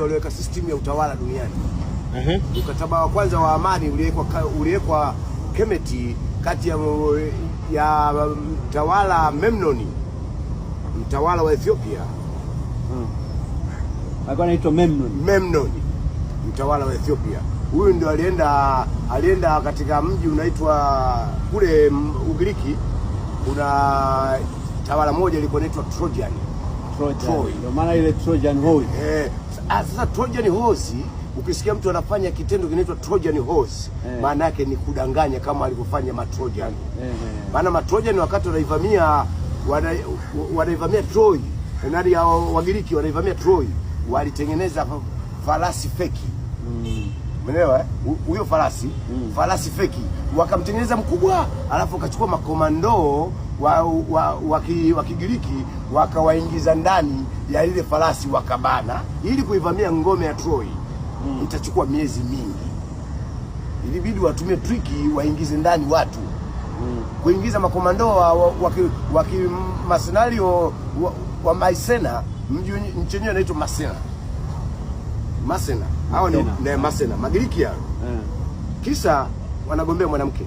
ndio waliweka system ya utawala duniani. Mhm. huh Mkataba wa kwanza wa amani uliwekwa uliwekwa Kemeti kati ya ya mtawala Memnoni, mtawala wa Ethiopia. Mhm. Alikuwa anaitwa Memnon. Memnon mtawala wa Ethiopia. Huyu ndio alienda alienda katika mji unaitwa kule Ugiriki, kuna tawala moja ilikuwa inaitwa Trojan. Trojan. Ndio maana ile Trojan horse. Eh, Ah, sasa Trojan horse, ukisikia mtu anafanya kitendo kinaitwa Trojan horse yeah. maana yake ni kudanganya kama alivyofanya matrojan yeah. Eh. maana matrojan wakati wanaivamia wanaivamia Troy nani ya Wagiriki wanaivamia Troy walitengeneza farasi feki mm. Umeelewa? Eh? Huyo farasi mm. farasi feki wakamtengeneza mkubwa, alafu wakachukua makomando wa, wa, wa, wa Kigiriki wakawaingiza ndani ya lile farasi wakabana ili kuivamia ngome ya Troy mm. Itachukua miezi mingi, ilibidi watumie triki waingize ndani watu mm. kuingiza makomando wa, wa, wa kimasenario wa, wa Maisena, mji wenyewe unaitwa Masena. Masena hao ni Masena Magiriki hao yeah. kisa wanagombea mwanamke